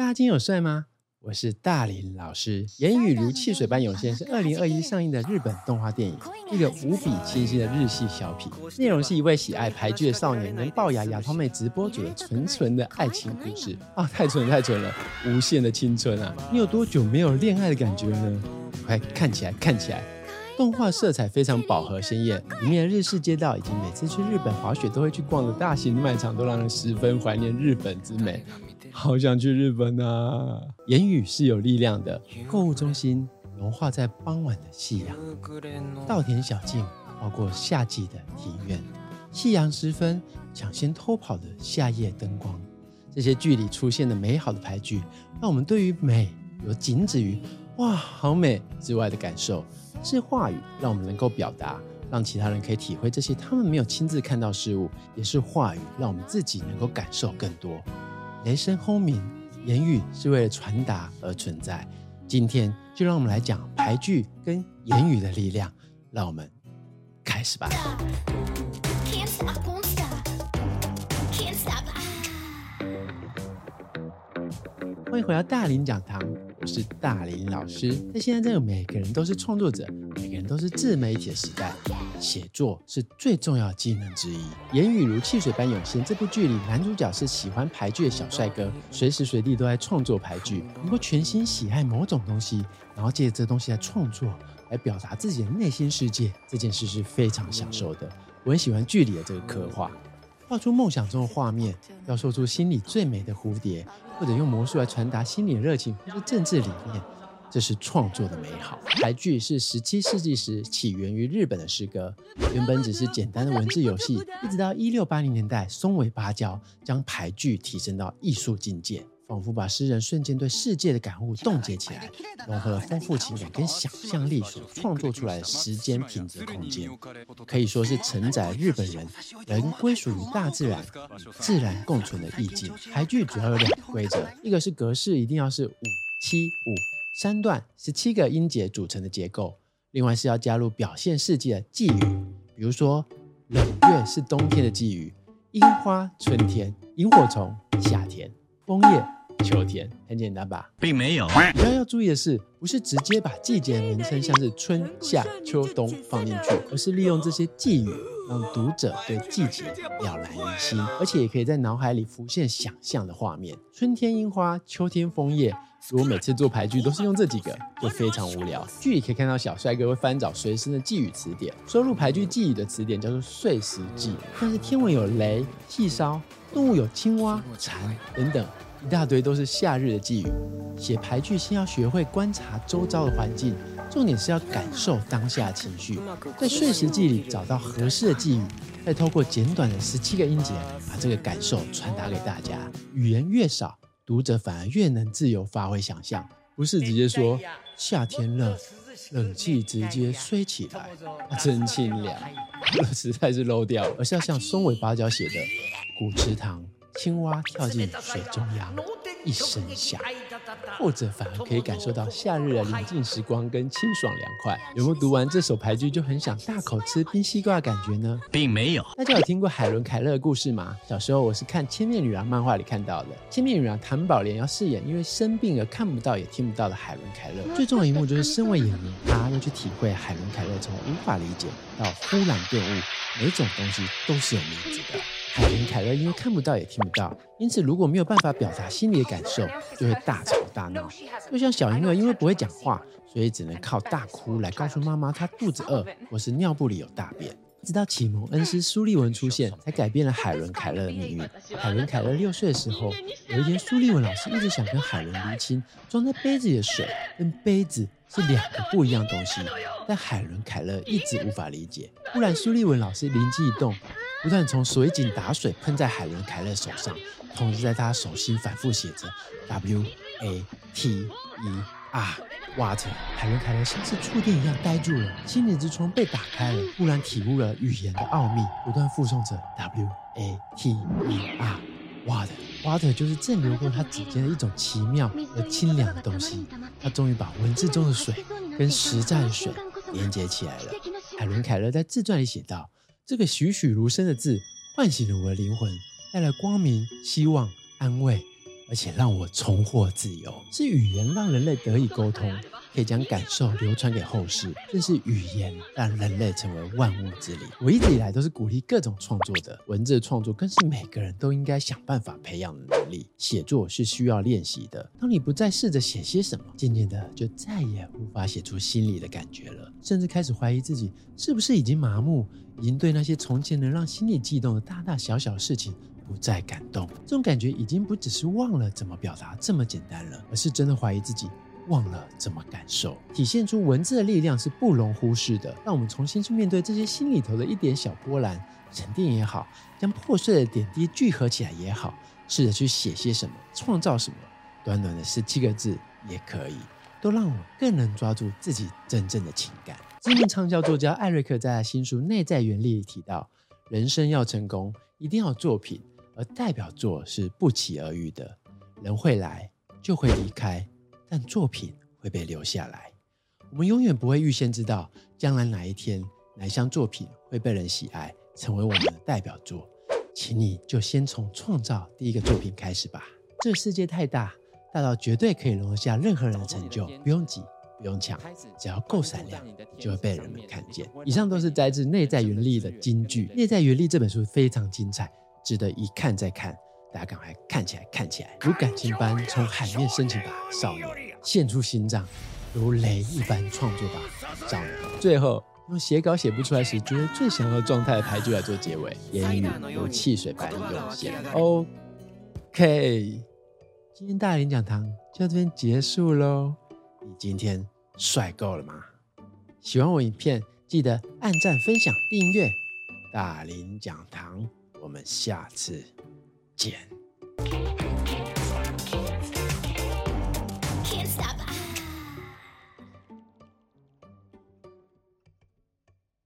大家今天有帥嗎？我是大林老師。言語如汽水般湧現，是二零二一上映的日本動畫電影，一個無比清新的日系小品。內容是一位喜愛俳句的少年，跟龅牙牙套妹直播主的純純的愛情故事啊、哦，太純太純了，無限的青春啊！你有多久沒有戀愛的感覺了呢？快看起來，看起來！動畫色彩非常飽和鮮豔，裡面的日式街道以及每次去日本滑雪都會去逛的大型賣場，都讓人十分懷念日本之美。好想去日本啊！言語是有力量的。購物中心融化在傍晚的夕陽，稻田小徑劃過夏季的庭院，夕陽時分搶先偷跑的夏夜燈光。這些劇裡出現的美好的俳句，讓我們對於美有僅止於“哇，好美”之外的感受。是話語讓我們能夠表達，讓其他人可以體會這些他們沒有親自看到事物。也是話語讓我們自己能夠感受更多。雷聲轟鳴，言語是為了傳達而存在。今天就讓我們來講俳句跟言語的力量，讓我們開始吧。歡迎回到大林講堂，我是大林老師。在現在這個，每個人都是創作者。都是自媒體的時代，寫作是最重要的技能之一。言語如汽水般湧現。這部劇裡，男主角是喜歡俳句的小帥哥，隨時隨地都在創作俳句。能夠全心喜愛某種東西，然後借這東西來創作，來表達自己的內心世界，這件事是非常享受的。我很喜歡劇裡的這個刻畫，畫出夢想中的畫面，要說出心裡最美的蝴蝶，或者用魔術來傳達心裡的熱情或者政治理念。這是創作的美好。俳句是十七世紀時起源於日本的詩歌，原本只是簡單的文字遊戲。一直到一六八零年代松八角，松尾芭蕉將俳句提升到藝術境界，仿佛把詩人瞬間對世界的感悟凍結起來，融合了豐富情感跟想象力所創作出來的時間、品質、空間，可以說是承載日本人人歸屬於大自然、自然共存的意境。俳句主要有兩個規則，一個是格式，一定要是五七五。三段，十七個音節組成的結構。另外是要加入表現世界的季語，比如說，冷月是冬天的季語，櫻花，春天，螢火蟲，夏天，楓葉，秋天很簡單吧，並沒有，啊。比較要注意的是，不是直接把季節的名稱，像是春夏秋冬放進去，而是利用這些季語，讓讀者對季節了然於心，而且也可以在腦海裡浮現想象的畫面。春天櫻花，秋天楓葉。如果每次做俳句都是用這幾個，就非常無聊。劇裡可以看到小帥哥會翻找隨身的季語詞典，收錄俳句季語的詞典叫做歲時記。像是天文有雷、夕燒，動物有青蛙、蟬等等。一大堆都是夏日的季語，寫俳句先要學會觀察周遭的環境，重點是要感受當下情緒，在歲時記裡找到合適的季語，再透過簡短的十七個音節，把這個感受傳達給大家。語言越少，讀者反而越能自由發揮想象，不是直接說夏天熱，冷氣直接吹起來，真清涼，實在是 low 掉，而是要像松尾芭蕉寫的古池塘，青蛙跳進水中央，一聲響，或者反而可以感受到夏日的寧靜時光跟清爽涼快。有沒有讀完這首俳句就很想大口吃冰西瓜的感覺呢？並沒有。大家有聽過海倫凱勒的故事嗎？小時候我是看《千面女郎》漫畫裡看到的，《千面女郎》譚寶蓮要飾演因為生病而看不到也聽不到的海倫凱勒。最重要一幕就是身為演員，她要去體會海倫凱勒從無法理解到忽然頓悟，每種東西都是有名字的。海倫凱勒因為看不到也聽不到，因此如果沒有辦法表達心裡的感受，就會大吵大鬧。就像小嬰兒因為不會講話，所以只能靠大哭來告訴媽媽她肚子餓或是尿布裡有大便。直到啟蒙恩師蘇利文出現，才改變了海倫凱勒的命運。海倫凱勒六歲的時候，有一天，蘇利文老師一直想跟海倫釐清，裝在杯子裡的水跟杯子是兩個不一樣東西，但海倫凱勒一直無法理解。忽然，蘇利文老師靈機一動。不斷從水井打水，噴在海倫·凱勒手上，同時在她手心反覆寫着 W A T E R water。海倫·凱勒像是觸電一樣呆住了，心靈之窗被打開了，忽然體悟了語言的奧秘，不斷複誦着 W A T E R water。water 就是正流過他指尖的一種奇妙而清涼的東西。他終於把文字中的水跟實在的水連接起來了。海倫·凱勒在自傳裡寫道。這個栩栩如生的字，喚醒了我的靈魂，帶來光明、希望、安慰。而且讓我重獲自由。是語言讓人類得以溝通，可以將感受流傳給後世。正是語言讓人類成為萬物之靈。我一直以來都是鼓勵各種創作的，文字創作更是每個人都應該想辦法培養的能力。寫作是需要練習的。當你不再試着寫些什麼，漸漸的就再也無法寫出心裡的感覺了，甚至開始懷疑自己是不是已經麻木，已經對那些從前能讓心裡悸動的大大小小的事情。不再感動，這種感覺已經不只是忘了怎麼表達這麼簡單了，而是真的懷疑自己忘了怎麼感受。體現出文字的力量是不容忽視的。讓我們重新去面對這些心裡頭的一點小波瀾，沉澱也好，將破碎的點滴聚合起來也好，試着去寫些什麼，創造什麼，短短的十七個字也可以，都讓我更能抓住自己真正的情感。知名暢銷作家艾瑞克在新書《內在原力》裡提到，人生要成功，一定要作品。而代表作是不期而遇的，人會來就會離開，但作品會被留下來。我們永遠不會預先知道將來哪一天哪一項作品會被人喜愛，成為我們的代表作。請你就先從創造第一個作品開始吧。這個世界太大，大到絕對可以容得下任何人的成就，不用擠，不用搶，只要夠閃亮，你就會被人們看見。以上都是摘自《內在原力》的金句，《內在原力》這本書非常精彩。值得一看再看，大家趕快看起來，看起來如感情般從海面升起吧，少年獻出心臟，如雷一般創作吧，少年。最後用寫稿寫不出來時覺得最想要的狀態的俳句來做結尾， 言語如汽水般湧現。OK，今天大林講堂就到這邊結束嘍。你今天帥夠了嗎？喜歡我影片記得按讚、分享、訂閱大林講堂。我們下次見。